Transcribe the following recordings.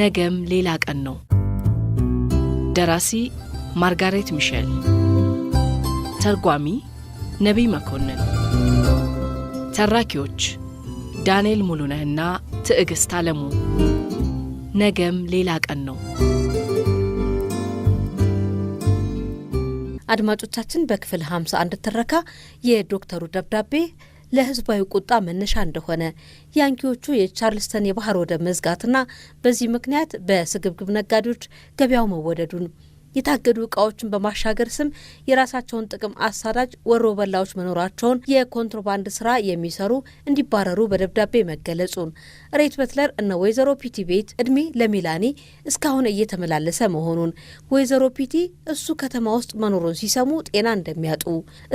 ነገም ሌላ ቀን ነው። ደራሲ ማርጋሬት ሚሸል፣ ተርጓሚ ነቢይ መኮንን፣ ተራኪዎች ዳንኤል ሙሉነህና ትዕግሥት አለሙ። ነገም ሌላ ቀን ነው። አድማጮቻችን በክፍል 51 ትረካ የዶክተሩ ደብዳቤ ለህዝባዊ ቁጣ መነሻ እንደሆነ ያንኪዎቹ የቻርልስተን የባህር ወደብ መዝጋትና በዚህ ምክንያት በስግብግብ ነጋዴዎች ገበያው መወደዱን የታገዱ እቃዎችን በማሻገር ስም የራሳቸውን ጥቅም አሳዳጅ ወሮ በላዎች መኖራቸውን የኮንትሮባንድ ስራ የሚሰሩ እንዲባረሩ በደብዳቤ መገለጹን ሬት በትለር እነ ወይዘሮ ፒቲ ቤት እድሜ ለሚላኒ እስካሁን እየተመላለሰ መሆኑን ወይዘሮ ፒቲ እሱ ከተማ ውስጥ መኖሩን ሲሰሙ ጤና እንደሚያጡ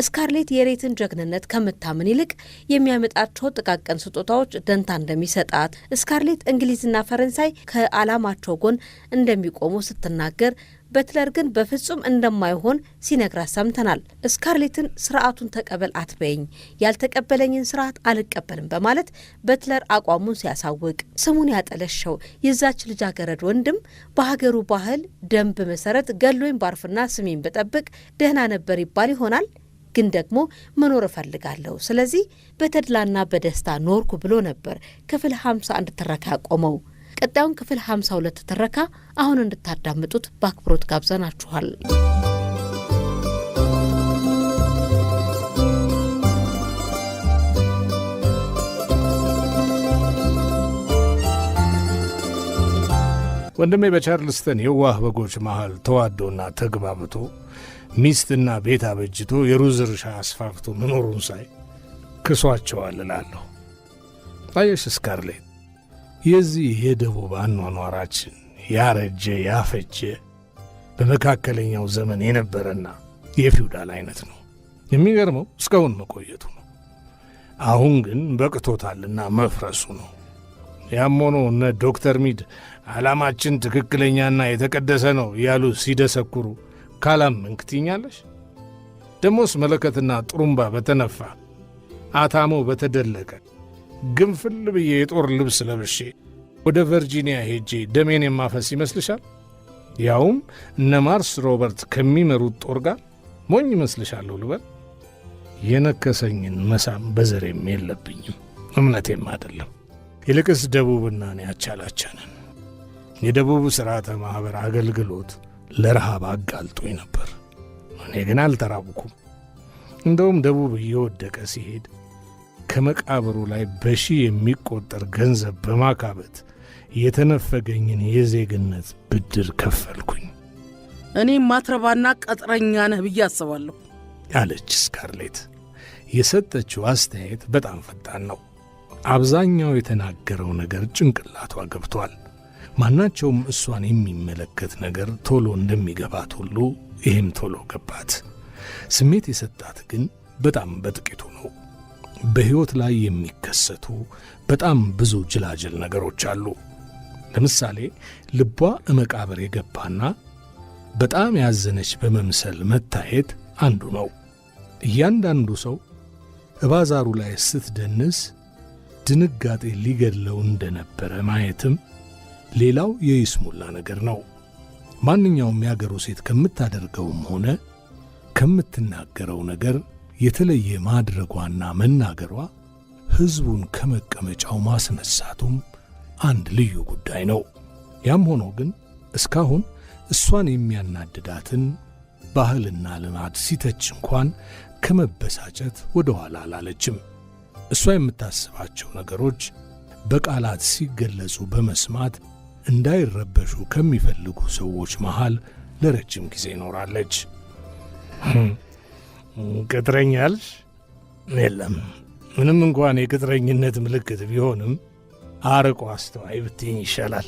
እስካርሌት የሬትን ጀግንነት ከምታምን ይልቅ የሚያመጣቸው ጥቃቅን ስጦታዎች ደንታ እንደሚሰጣት እስካርሌት እንግሊዝና ፈረንሳይ ከዓላማቸው ጎን እንደሚቆሙ ስትናገር በትለር ግን በፍጹም እንደማይሆን ሲነግራት ሰምተናል። ስካርሌትን ስርዓቱን ተቀበል አትበይኝ፣ ያልተቀበለኝን ስርዓት አልቀበልም በማለት በትለር አቋሙን ሲያሳውቅ፣ ስሙን ያጠለሸው የዛች ልጃገረድ ወንድም በሀገሩ ባህል ደንብ መሰረት ገሎኝ ባርፍና ስሜን ብጠብቅ ደህና ነበር ይባል ይሆናል ግን ደግሞ መኖር እፈልጋለሁ፣ ስለዚህ በተድላና በደስታ ኖርኩ ብሎ ነበር ክፍል አንድ ትረካ ቆመው ቀጣዩን ክፍል 52 ትረካ አሁን እንድታዳምጡት በአክብሮት ጋብዘናችኋል። ወንድሜ በቻርልስተን የዋህ በጎች መሃል ተዋዶና ተግባብቶ ሚስትና ቤት አበጅቶ የሩዝ እርሻ አስፋፍቶ መኖሩን ሳይ ክሷቸዋል እላለሁ። አየሽ ስካርሌት የዚህ የደቡብ አኗኗራችን ያረጀ ያፈጀ በመካከለኛው ዘመን የነበረና የፊውዳል አይነት ነው። የሚገርመው እስካሁን መቆየቱ ነው። አሁን ግን በቅቶታልና መፍረሱ ነው። ያም ሆኖ እነ ዶክተር ሚድ ዓላማችን ትክክለኛና የተቀደሰ ነው እያሉ ሲደሰኩሩ ካላመንክ ትኛለሽ። ደሞስ መለከትና ጥሩምባ በተነፋ አታሞ በተደለቀ ግንፍል ብዬ የጦር ልብስ ለብሼ ወደ ቨርጂኒያ ሄጄ ደሜን የማፈስ ይመስልሻል? ያውም እነ ማርስ ሮበርት ከሚመሩት ጦር ጋር ሞኝ ይመስልሻለሁ ልበል? የነከሰኝን መሳም በዘሬም የለብኝም እምነቴም አይደለም። ይልቅስ ደቡብና እኔ ያቻላቸንን የደቡብ ሥርዓተ ማኅበር አገልግሎት ለረሃብ አጋልጦኝ ነበር። እኔ ግን አልተራብኩም። እንደውም ደቡብ እየወደቀ ሲሄድ ከመቃብሩ ላይ በሺ የሚቆጠር ገንዘብ በማካበት የተነፈገኝን የዜግነት ብድር ከፈልኩኝ። እኔም ማትረባና ቀጥረኛ ነህ ብዬ አስባለሁ አለች ስካርሌት። የሰጠችው አስተያየት በጣም ፈጣን ነው። አብዛኛው የተናገረው ነገር ጭንቅላቷ ገብቷል። ማናቸውም እሷን የሚመለከት ነገር ቶሎ እንደሚገባት ሁሉ ይህም ቶሎ ገባት። ስሜት የሰጣት ግን በጣም በጥቂቱ ነው። በሕይወት ላይ የሚከሰቱ በጣም ብዙ ጅላጅል ነገሮች አሉ። ለምሳሌ ልቧ እመቃብር የገባና በጣም ያዘነች በመምሰል መታየት አንዱ ነው። እያንዳንዱ ሰው እባዛሩ ላይ ስትደንስ ድንጋጤ ሊገድለው እንደነበረ ማየትም ሌላው የይስሙላ ነገር ነው። ማንኛውም ያገሩ ሴት ከምታደርገውም ሆነ ከምትናገረው ነገር የተለየ ማድረጓና መናገሯ ሕዝቡን ከመቀመጫው ማስነሳቱም አንድ ልዩ ጉዳይ ነው። ያም ሆኖ ግን እስካሁን እሷን የሚያናድዳትን ባህልና ልማድ ሲተች እንኳን ከመበሳጨት ወደ ኋላ አላለችም። እሷ የምታስባቸው ነገሮች በቃላት ሲገለጹ በመስማት እንዳይረበሹ ከሚፈልጉ ሰዎች መሃል ለረጅም ጊዜ ኖራለች። hm ቅጥረኛ የለም ምንም እንኳን የቅጥረኝነት ምልክት ቢሆንም አርቆ አስተዋይ ብትኝ ይሻላል።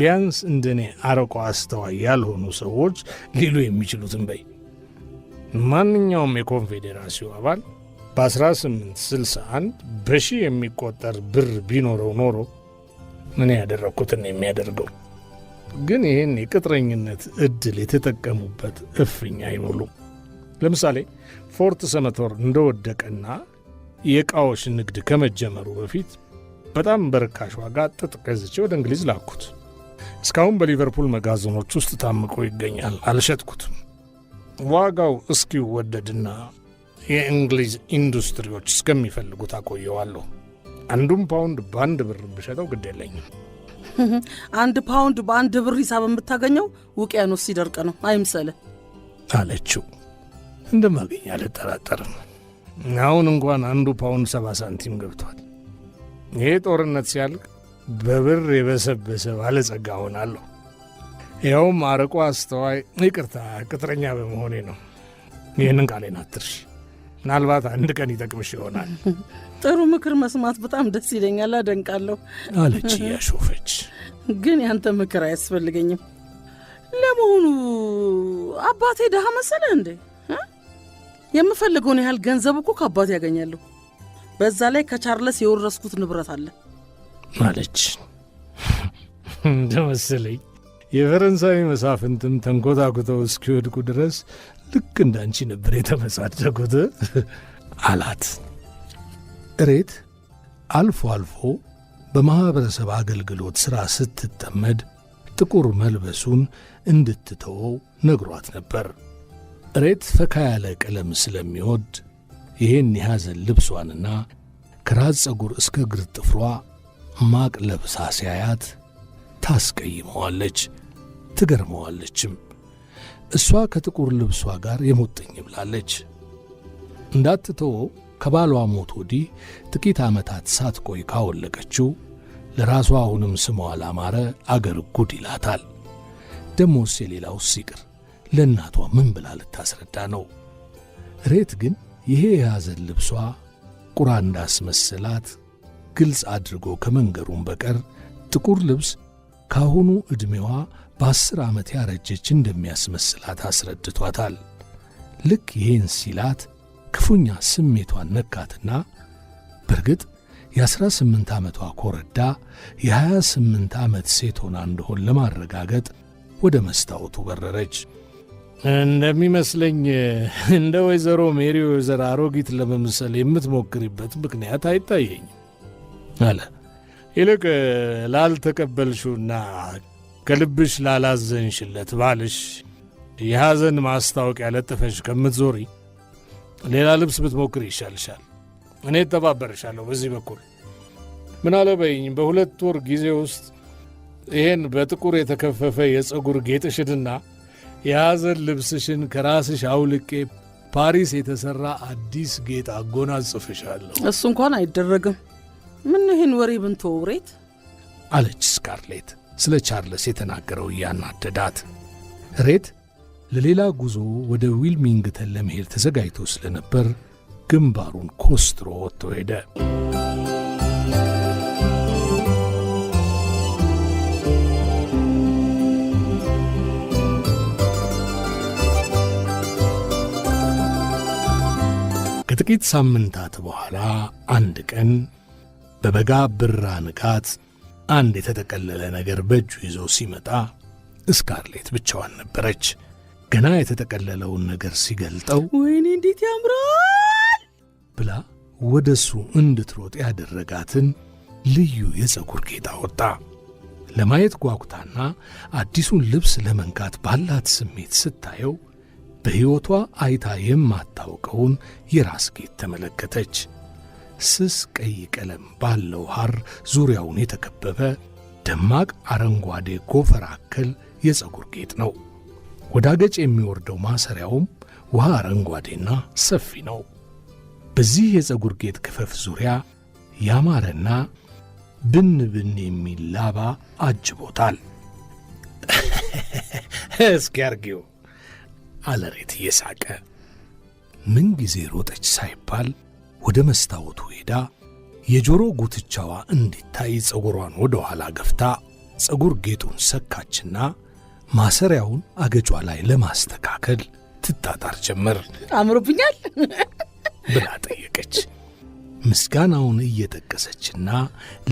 ቢያንስ እንደኔ አርቆ አስተዋይ ያልሆኑ ሰዎች ሊሉ የሚችሉትን በይ። ማንኛውም የኮንፌዴራሲው አባል በ1861 በሺህ የሚቆጠር ብር ቢኖረው ኖሮ እኔ ያደረግኩትን የሚያደርገው ግን ይህን የቅጥረኝነት ዕድል የተጠቀሙበት እፍኝ አይሞሉም። ለምሳሌ ፎርት ሰነቶር እንደወደቀና የእቃዎች ንግድ ከመጀመሩ በፊት በጣም በርካሽ ዋጋ ጥጥ ገዝቼ ወደ እንግሊዝ ላኩት። እስካሁን በሊቨርፑል መጋዘኖች ውስጥ ታምቆ ይገኛል። አልሸጥኩትም። ዋጋው እስኪወደድና የእንግሊዝ ኢንዱስትሪዎች እስከሚፈልጉት አቆየዋለሁ። አንዱም ፓውንድ በአንድ ብር ብሸጠው ግድ የለኝም። አንድ ፓውንድ በአንድ ብር ሂሳብ የምታገኘው ውቅያኖስ ሲደርቅ ነው አይምሰልህ አለችው። እንደማገኝ አልጠራጠርም። አሁን እንኳን አንዱ ፓውንድ ሰባ ሳንቲም ገብቷል። ይሄ ጦርነት ሲያልቅ በብር የበሰበሰ ባለጸጋ ሆናለሁ። ያውም አርቆ አስተዋይ፣ ይቅርታ ቅጥረኛ በመሆኔ ነው። ይህንን ቃሌን አትርሽ። ምናልባት አንድ ቀን ይጠቅምሽ ይሆናል። ጥሩ ምክር መስማት በጣም ደስ ይለኛል፣ አደንቃለሁ አለች እያሾፈች። ግን ያንተ ምክር አያስፈልገኝም። ለመሆኑ አባቴ ድሃ መሰለህ እንዴ? የምፈልገውን ያህል ገንዘብ እኮ ከአባት ያገኛለሁ። በዛ ላይ ከቻርለስ የወረስኩት ንብረት አለ ማለች። እንደመሰለኝ የፈረንሳዊ መሳፍንትም ተንኮታኩተው እስኪወድቁ ድረስ ልክ እንዳንቺ ነበር የተመሳደጉት አላት። እሬት አልፎ አልፎ በማኅበረሰብ አገልግሎት ሥራ ስትጠመድ ጥቁር መልበሱን እንድትተወው ነግሯት ነበር። እሬት ፈካ ያለ ቀለም ስለሚወድ ይህን የሐዘን ልብሷንና ከራስ ፀጉር እስከ እግር ጥፍሯ ማቅ ለብሳ ሲያያት ታስቀይመዋለች፣ ትገርመዋለችም። እሷ ከጥቁር ልብሷ ጋር የሞጠኝ ብላለች። እንዳትተወው ከባሏ ሞት ወዲህ ጥቂት ዓመታት ሳትቆይ ካወለቀችው ለራሷ አሁንም ስሟ ላማረ አገር ጉድ ይላታል። ደሞስ የሌላውስ ይቅር ለእናቷ ምን ብላ ልታስረዳ ነው? ሬት ግን ይሄ የሐዘን ልብሷ ቁራ እንዳስመስላት ግልጽ አድርጎ ከመንገሩም በቀር ጥቁር ልብስ ካሁኑ ዕድሜዋ በአስር ዓመት ያረጀች እንደሚያስመስላት አስረድቷታል። ልክ ይሄን ሲላት ክፉኛ ስሜቷን ነካትና በርግጥ የአሥራ ስምንት ዓመቷ ኮረዳ የሀያ ስምንት ዓመት ሴት ሆና እንደሆን ለማረጋገጥ ወደ መስታወቱ በረረች። እንደሚመስለኝ እንደ ወይዘሮ ሜሪ ወይዘሮ አሮጊት ለመምሰል የምትሞክርበት ምክንያት አይታየኝም አለ። ይልቅ ላልተቀበልሽውና ከልብሽ ላላዘንሽለት ባልሽ የሐዘን ማስታወቂያ ለጥፈሽ ከምትዞሪ ሌላ ልብስ ብትሞክር ይሻልሻል። እኔ እተባበርሻለሁ በዚህ በኩል ምን አለበይኝ። በሁለት ወር ጊዜ ውስጥ ይሄን በጥቁር የተከፈፈ የፀጉር ጌጥሽድና የሐዘን ልብስሽን ከራስሽ አውልቄ ፓሪስ የተሠራ አዲስ ጌጥ አጎናጽፍሻለሁ። እሱ እንኳን አይደረግም። ምን ይህን ወሬ ብንቶ ውሬት አለች ስካርሌት ስለ ቻርለስ የተናገረው እያናደዳት። ሬት ለሌላ ጉዞ ወደ ዊልሚንግተን ለመሄድ ተዘጋጅቶ ስለነበር ግንባሩን ኮስትሮ ወጥቶ ሄደ። ከጥቂት ሳምንታት በኋላ አንድ ቀን በበጋ ብራ ንጋት አንድ የተጠቀለለ ነገር በእጁ ይዞ ሲመጣ እስካርሌት ብቻዋን ነበረች። ገና የተጠቀለለውን ነገር ሲገልጠው ወይኔ እንዴት ያምራል ብላ ወደ እሱ እንድትሮጥ ያደረጋትን ልዩ የፀጉር ጌጥ አወጣ። ለማየት ጓጉታና አዲሱን ልብስ ለመንካት ባላት ስሜት ስታየው በሕይወቷ አይታ የማታውቀውን የራስ ጌጥ ተመለከተች። ስስ ቀይ ቀለም ባለው ሐር ዙሪያውን የተከበበ ደማቅ አረንጓዴ ጎፈር አከል የፀጉር ጌጥ ነው። ወዳገጭ የሚወርደው ማሰሪያውም ውሃ አረንጓዴና ሰፊ ነው። በዚህ የፀጉር ጌጥ ክፈፍ ዙሪያ ያማረና ብን ብን የሚል ላባ አጅቦታል። እስኪ አርጊው አለሬት እየሳቀ ምንጊዜ ሮጠች ሳይባል ወደ መስታወቱ ሄዳ የጆሮ ጉትቻዋ እንዲታይ ፀጉሯን ወደ ኋላ ገፍታ ፀጉር ጌጡን ሰካችና ማሰሪያውን አገጯ ላይ ለማስተካከል ትጣጣር ጀመር። አምሮብኛል ብላ ጠየቀች። ምስጋናውን እየጠቀሰችና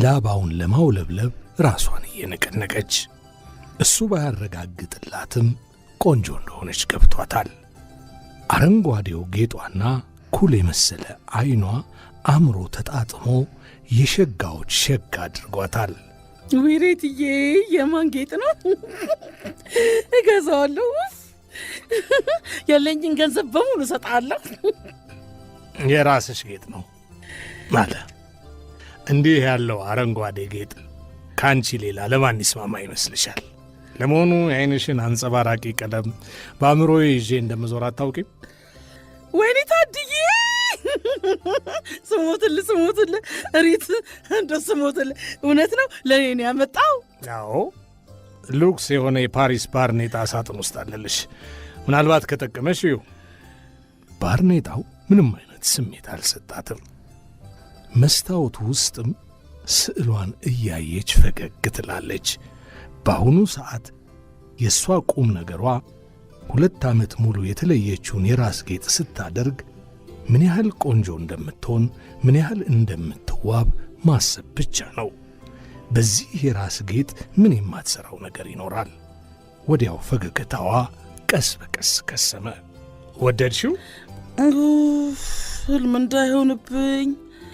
ላባውን ለማውለብለብ ራሷን እየነቀነቀች እሱ ባያረጋግጥላትም ቆንጆ እንደሆነች ገብቷታል። አረንጓዴው ጌጧና ኩል የመሰለ ዐይኗ አእምሮ ተጣጥሞ የሸጋዎች ሸጋ አድርጓታል። ዊሬትዬ የማን ጌጥ ነው? እገዛዋለሁ። ያለኝን ገንዘብ በሙሉ እሰጥሃለሁ። የራስሽ ጌጥ ነው አለ። እንዲህ ያለው አረንጓዴ ጌጥ ከአንቺ ሌላ ለማን ይስማማ ይመስልሻል? ለመሆኑ የአይንሽን አንጸባራቂ ቀለም በአእምሮ ይዤ እንደምዞር አታውቂም? ወይኔ ታድዬ ስሞትል ስሞትል ሪት እንደ ስሞትል እውነት ነው ለእኔን ያመጣው። አዎ ሉክስ የሆነ የፓሪስ ባርኔጣ ሳጥን ውስጥ አለልሽ። ምናልባት ከጠቀመሽ ዩ ባርኔጣው ምንም አይነት ስሜት አልሰጣትም። መስታወቱ ውስጥም ስዕሏን እያየች ፈገግ ትላለች። በአሁኑ ሰዓት የእሷ ቁም ነገሯ ሁለት ዓመት ሙሉ የተለየችውን የራስ ጌጥ ስታደርግ ምን ያህል ቆንጆ እንደምትሆን ምን ያህል እንደምትዋብ ማሰብ ብቻ ነው። በዚህ የራስ ጌጥ ምን የማትሠራው ነገር ይኖራል? ወዲያው ፈገግታዋ ቀስ በቀስ ከሰመ። ወደድሽው? ህልም እንዳይሆንብኝ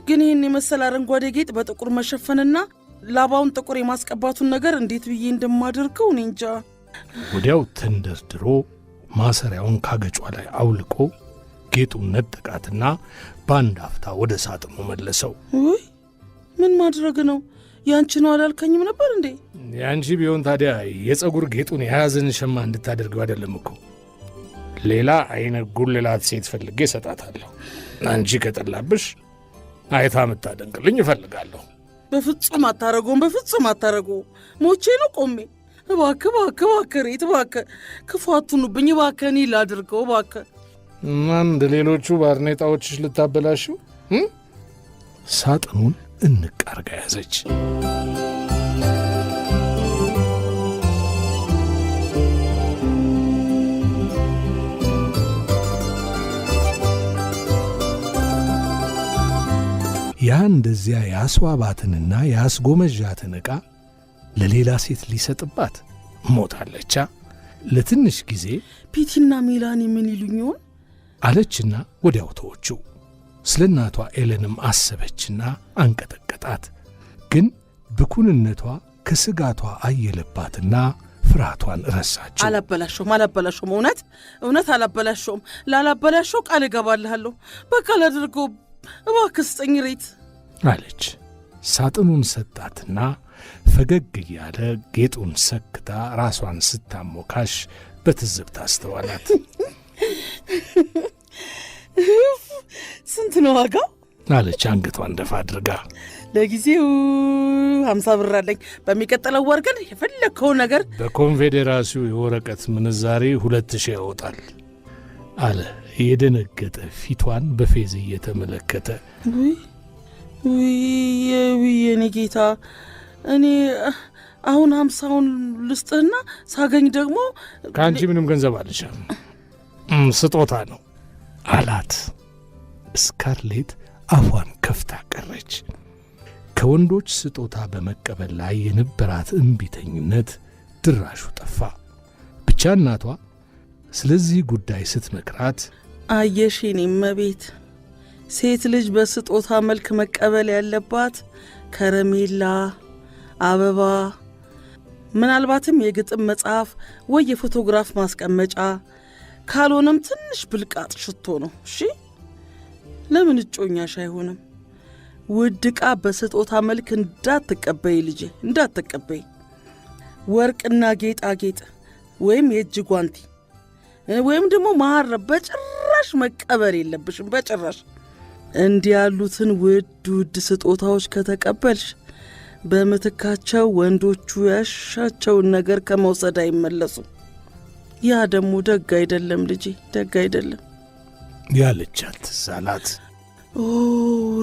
ግን ይህን የመሰል አረንጓዴ ጌጥ በጥቁር መሸፈንና ላባውን ጥቁር የማስቀባቱን ነገር እንዴት ብዬ እንደማደርገው እኔ እንጃ። ወዲያው ተንደርድሮ ማሰሪያውን ካገጯ ላይ አውልቆ ጌጡን ነጠቃትና በአንድ አፍታ ወደ ሳጥኑ መለሰው። ውይ ምን ማድረግ ነው? ያንቺ ነው አላልከኝም ነበር እንዴ? ያንቺ ቢሆን ታዲያ የፀጉር ጌጡን የያዘን ሸማ እንድታደርገው አይደለም እኮ ሌላ አይነ ጉልላት ሴት ፈልጌ እሰጣታለሁ። አንቺ ከጠላብሽ አይታ የምታደንቅልኝ እፈልጋለሁ። በፍጹም አታረጎም፣ በፍጹም አታረጎም። ሞቼ ነው ቆሜ። እባክህ እባክህ እባክህ ሬት እባክህ ክፉ አትኑብኝ እባክህ፣ እኔ ላድርገው እባክህ። ማን እንደ ሌሎቹ ባርኔጣዎችሽ ልታበላሽው? ሳጥኑን እንቃርጋ ያዘች። ያ እንደዚያ ያስዋባትንና ያስጎመዣትን ዕቃ ለሌላ ሴት ሊሰጥባት ሞታለቻ። ለትንሽ ጊዜ ፒቲና ሜላኒ ምን ይሉኝ ይሆን አለችና ወዲያው ተወችው። ስለ እናቷ ኤለንም አሰበችና አንቀጠቀጣት። ግን ብኩንነቷ ከስጋቷ አየለባትና ፍርሃቷን ረሳቸው። አላበላሸውም፣ አላበላሸውም፣ እውነት እውነት አላበላሸውም። ላላበላሸው ቃል እገባልሃለሁ። በቃ ላደርገው እባክህ ስጠኝ ሬት አለች። ሳጥኑን ሰጣትና ፈገግ እያለ ጌጡን ሰክታ ራሷን ስታሞካሽ በትዝብት አስተዋላት። ስንት ነው ዋጋው? አለች አንገቷን ደፋ አድርጋ። ለጊዜው ሀምሳ ብር አለኝ። በሚቀጥለው ወር ግን የፈለግከው ነገር በኮንፌዴራሲው የወረቀት ምንዛሬ ሁለት ሺህ ያወጣል አለ የደነገጠ ፊቷን በፌዝ እየተመለከተ ውዬ እኔ ጌታ እኔ አሁን ሀምሳውን ልስጥህና ሳገኝ ደግሞ ከአንቺ ምንም ገንዘብ አልሻም፣ ስጦታ ነው አላት። እስካርሌት አፏን ከፍታ ቀረች። ከወንዶች ስጦታ በመቀበል ላይ የነበራት እምቢተኝነት ድራሹ ጠፋ። ብቻ እናቷ ስለዚህ ጉዳይ ስትመክራት አየሽ እኔ እመቤት ሴት ልጅ በስጦታ መልክ መቀበል ያለባት ከረሜላ፣ አበባ፣ ምናልባትም የግጥም መጽሐፍ ወይ የፎቶግራፍ ማስቀመጫ ካልሆነም ትንሽ ብልቃጥ ሽቶ ነው። እሺ፣ ለምን እጮኛሽ አይሆንም? ውድ ዕቃ በስጦታ መልክ እንዳትቀበይ ልጄ፣ እንዳትቀበይ። ወርቅና ጌጣጌጥ ወይም የእጅ ጓንቲ ወይም ደግሞ መሀረብ በጭራሽ መቀበል የለብሽም በጭራሽ። እንዲህ ያሉትን ውድ ውድ ስጦታዎች ከተቀበልሽ በምትካቸው ወንዶቹ ያሻቸውን ነገር ከመውሰድ አይመለሱም። ያ ደግሞ ደግ አይደለም ልጄ፣ ደግ አይደለም ያለቻት ሳላት። ኦ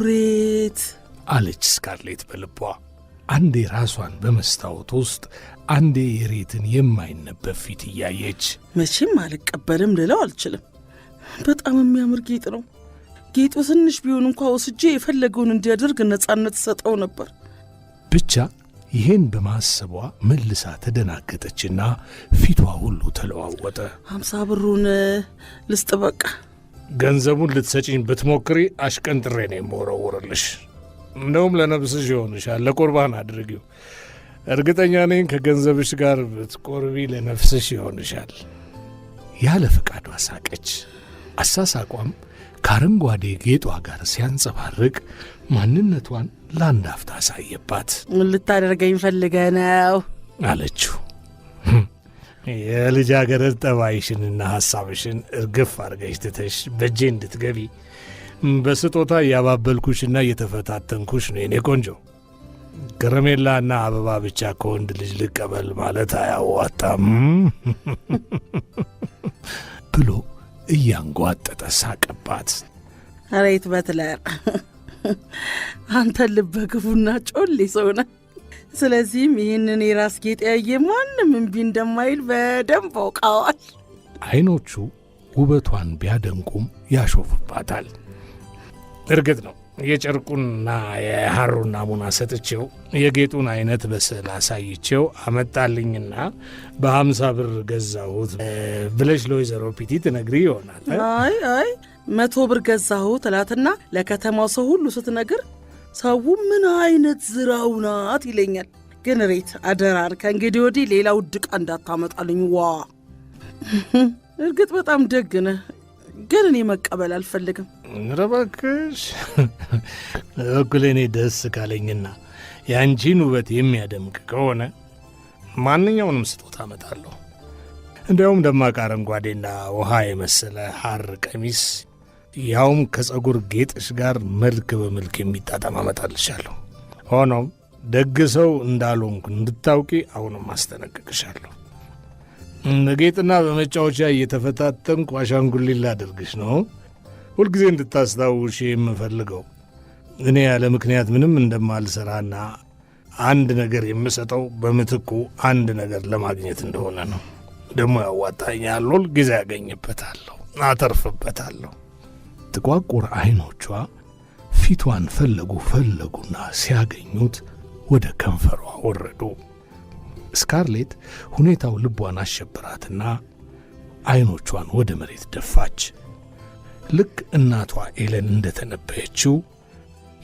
ሬት አለች ስካርሌት በልቧ አንዴ ራሷን በመስታወት ውስጥ አንዴ የሬትን የማይነበብ ፊት እያየች መቼም አልቀበልም ልለው አልችልም። በጣም የሚያምር ጌጥ ነው ጌጡ ትንሽ ቢሆን እንኳ ወስጄ የፈለገውን እንዲያደርግ ነጻነት ሰጠው ነበር። ብቻ ይህን በማሰቧ መልሳ ተደናገጠችና ፊቷ ሁሉ ተለዋወጠ። ሀምሳ ብሩን ልስጥ በቃ። ገንዘቡን ልትሰጪኝ ብትሞክሪ አሽቀንጥሬ ነው የምወረውርልሽ። እንደውም ለነብስሽ ይሆንሻል፣ ለቁርባን አድርጊው። እርግጠኛ ነኝ ከገንዘብሽ ጋር ብትቆርቢ ለነፍስሽ ይሆንሻል። ያለ ፈቃዷ ሳቀች። አሳሳቋም ከአረንጓዴ ጌጧ ጋር ሲያንጸባርቅ ማንነቷን ለአንድ አሳየባት። ልታደርገኝ ፈልገ ነው አለችው። የልጃገረድ ጠባይሽንና ሐሳብሽን እርግፍ አድርገሽ ትተሽ በእጄ እንድትገቢ በስጦታ እያባበልኩሽና እየተፈታተንኩሽ ነው የኔ ቆንጆ። ከረሜላና አበባ ብቻ ከወንድ ልጅ ልቀበል ማለት አያዋጣም ብሎ እያንጓጠጠ ሳቀባት። ሬት በትለር አንተ ልበ ክፉና ጮሌ ሰው ነህ። ስለዚህም ይህንን የራስ ጌጥ ያየ ማንም እምቢ እንደማይል በደንብ አውቃዋል። አይኖቹ ውበቷን ቢያደንቁም ያሾፍባታል። እርግጥ ነው የጨርቁንና የሐሩን ናሙና ሰጥቼው የጌጡን አይነት በስዕል አሳይቼው አመጣልኝና በሀምሳ ብር ገዛሁት ብለሽ ለወይዘሮ ፒቲ ትነግሪ ይሆናል። አይ አይ መቶ ብር ገዛሁት እላትና ለከተማው ሰው ሁሉ ስትነግር ሰው ምን አይነት ዝራው ናት ይለኛል። ግን ሬት አደራን ከእንግዲህ ወዲህ ሌላ ውድ እንዳታመጣልኝ። ዋ እርግጥ በጣም ደግነህ፣ ግን እኔ መቀበል አልፈልግም። ኧረ እባክሽ በበኩሌ እኔ ደስ ካለኝና የአንቺን ውበት የሚያደምቅ ከሆነ ማንኛውንም ስጦታ አመጣለሁ። እንዲያውም ደማቅ አረንጓዴና ውሃ የመሰለ ሐር ቀሚስ ያውም ከጸጉር ጌጥሽ ጋር መልክ በመልክ የሚጣጣም አመጣልሻለሁ። ሆኖም ደግ ሰው እንዳልሆንኩ እንድታውቂ አሁንም አስጠነቅቅሻለሁ። በጌጥና በመጫወቻ እየተፈታተንኩ አሻንጉሊት ላደርግሽ ነው። ሁልጊዜ እንድታስታውሽ የምፈልገው እኔ ያለ ምክንያት ምንም እንደማልሰራና አንድ ነገር የምሰጠው በምትኩ አንድ ነገር ለማግኘት እንደሆነ ነው። ደግሞ ያዋጣኛል፣ ሁል ጊዜ ያገኝበታለሁ፣ አተርፍበታለሁ። ጥቋቁር አይኖቿ ፊቷን ፈለጉ ፈለጉና ሲያገኙት ወደ ከንፈሯ ወረዱ። ስካርሌት ሁኔታው ልቧን አሸበራትና አይኖቿን ወደ መሬት ደፋች። ልክ እናቷ ኤለን እንደተነበየችው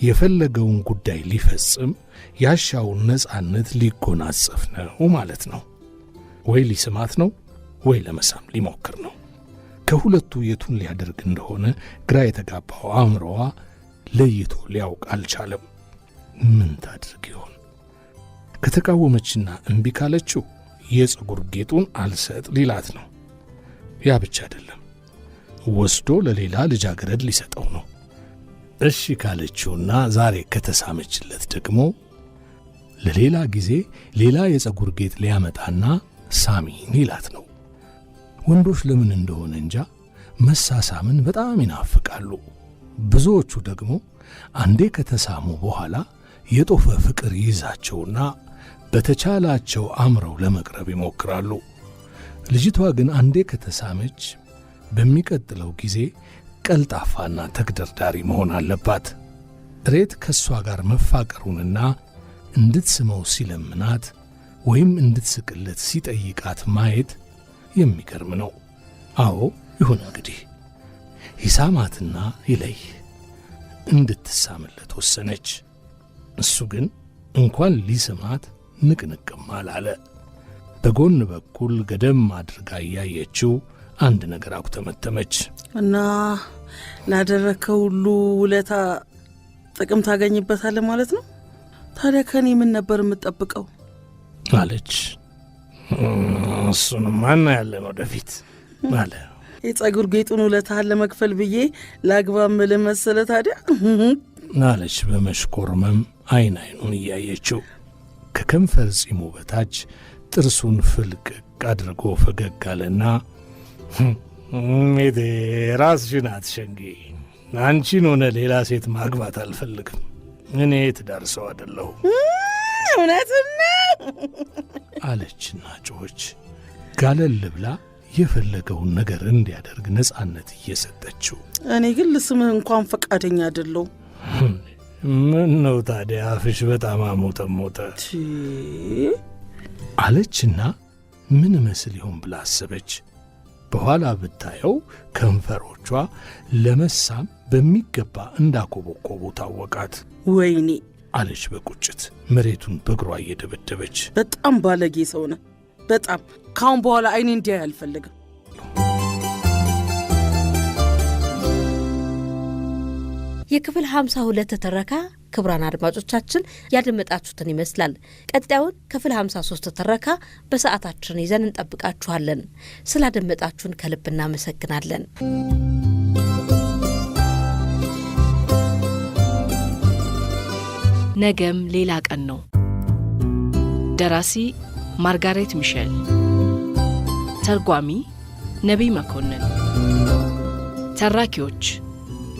የፈለገውን ጉዳይ ሊፈጽም ያሻውን ነፃነት ሊጎናጸፍ ነው ማለት ነው። ወይ ሊስማት ነው ወይ ለመሳም ሊሞክር ነው። ከሁለቱ የቱን ሊያደርግ እንደሆነ ግራ የተጋባው አእምሮዋ ለይቶ ሊያውቅ አልቻለም። ምን ታድርግ ይሆን? ከተቃወመችና እምቢ ካለችው የፀጉር ጌጡን አልሰጥ ሊላት ነው። ያ ብቻ አይደለም። ወስዶ ለሌላ ልጃገረድ ሊሰጠው ነው። እሺ ካለችውና ዛሬ ከተሳመችለት ደግሞ ለሌላ ጊዜ ሌላ የፀጉር ጌጥ ሊያመጣና ሳሚን ይላት ነው። ወንዶች ለምን እንደሆነ እንጃ መሳሳምን በጣም ይናፍቃሉ። ብዙዎቹ ደግሞ አንዴ ከተሳሙ በኋላ የጦፈ ፍቅር ይይዛቸውና በተቻላቸው አምረው ለመቅረብ ይሞክራሉ። ልጅቷ ግን አንዴ ከተሳመች በሚቀጥለው ጊዜ ቀልጣፋና ተግደርዳሪ መሆን አለባት። ሬት ከእሷ ጋር መፋቀሩንና እንድትስመው ሲለምናት ወይም እንድትስቅለት ሲጠይቃት ማየት የሚገርም ነው። አዎ ይሁን እንግዲህ ሂሳማትና ይለይ። እንድትሳምለት ወሰነች። እሱ ግን እንኳን ሊስማት ንቅንቅም አላለ። በጎን በኩል ገደም አድርጋ እያየችው አንድ ነገር ተመተመች እና ላደረከው ሁሉ ውለታ ጥቅም ታገኝበታል ማለት ነው። ታዲያ ከኔ ምን ነበር የምጠብቀው? አለች። እሱንም ማና ያለን ወደፊት አለ። የጸጉር ጌጡን ውለታህን ለመክፈል ብዬ ለአግባብ ምልህ መሰለ ታዲያ አለች በመሽኮርመም አይን አይኑን እያየችው ከከንፈር ጺሙ በታች ጥርሱን ፍልቅቅ አድርጎ ፈገግ አለና ሜቴ ራስሽን አትሸንጊ። አንቺን ሆነ ሌላ ሴት ማግባት አልፈልግም። እኔ ትዳር ሰው አይደለሁ። እውነትን አለችና ጮኸች። ጋለል ብላ የፈለገውን ነገር እንዲያደርግ ነጻነት እየሰጠችው፣ እኔ ግን ልስምህ እንኳን ፈቃደኛ አይደለሁ። ምን ነው ታዲያ አፍሽ በጣም አሞተ ሞተ አለችና ምን መስል ይሆን ብላ አሰበች። በኋላ ብታየው ከንፈሮቿ ለመሳም በሚገባ እንዳኮበኮቡ ታወቃት። ወይኔ አለች በቁጭት መሬቱን በእግሯ እየደበደበች። በጣም ባለጌ ሰው ነህ። በጣም ካሁን በኋላ አይኔ እንዲያይ አልፈልግም። የክፍል 52 ትረካ ክቡራን አድማጮቻችን ያደመጣችሁትን ይመስላል። ቀጣዩን ክፍል 53 ትረካ በሰዓታችን ይዘን እንጠብቃችኋለን። ስላደመጣችሁን ከልብ እናመሰግናለን። ነገም ሌላ ቀን ነው። ደራሲ ማርጋሬት ሚሼል፣ ተርጓሚ ነቢይ መኮንን፣ ተራኪዎች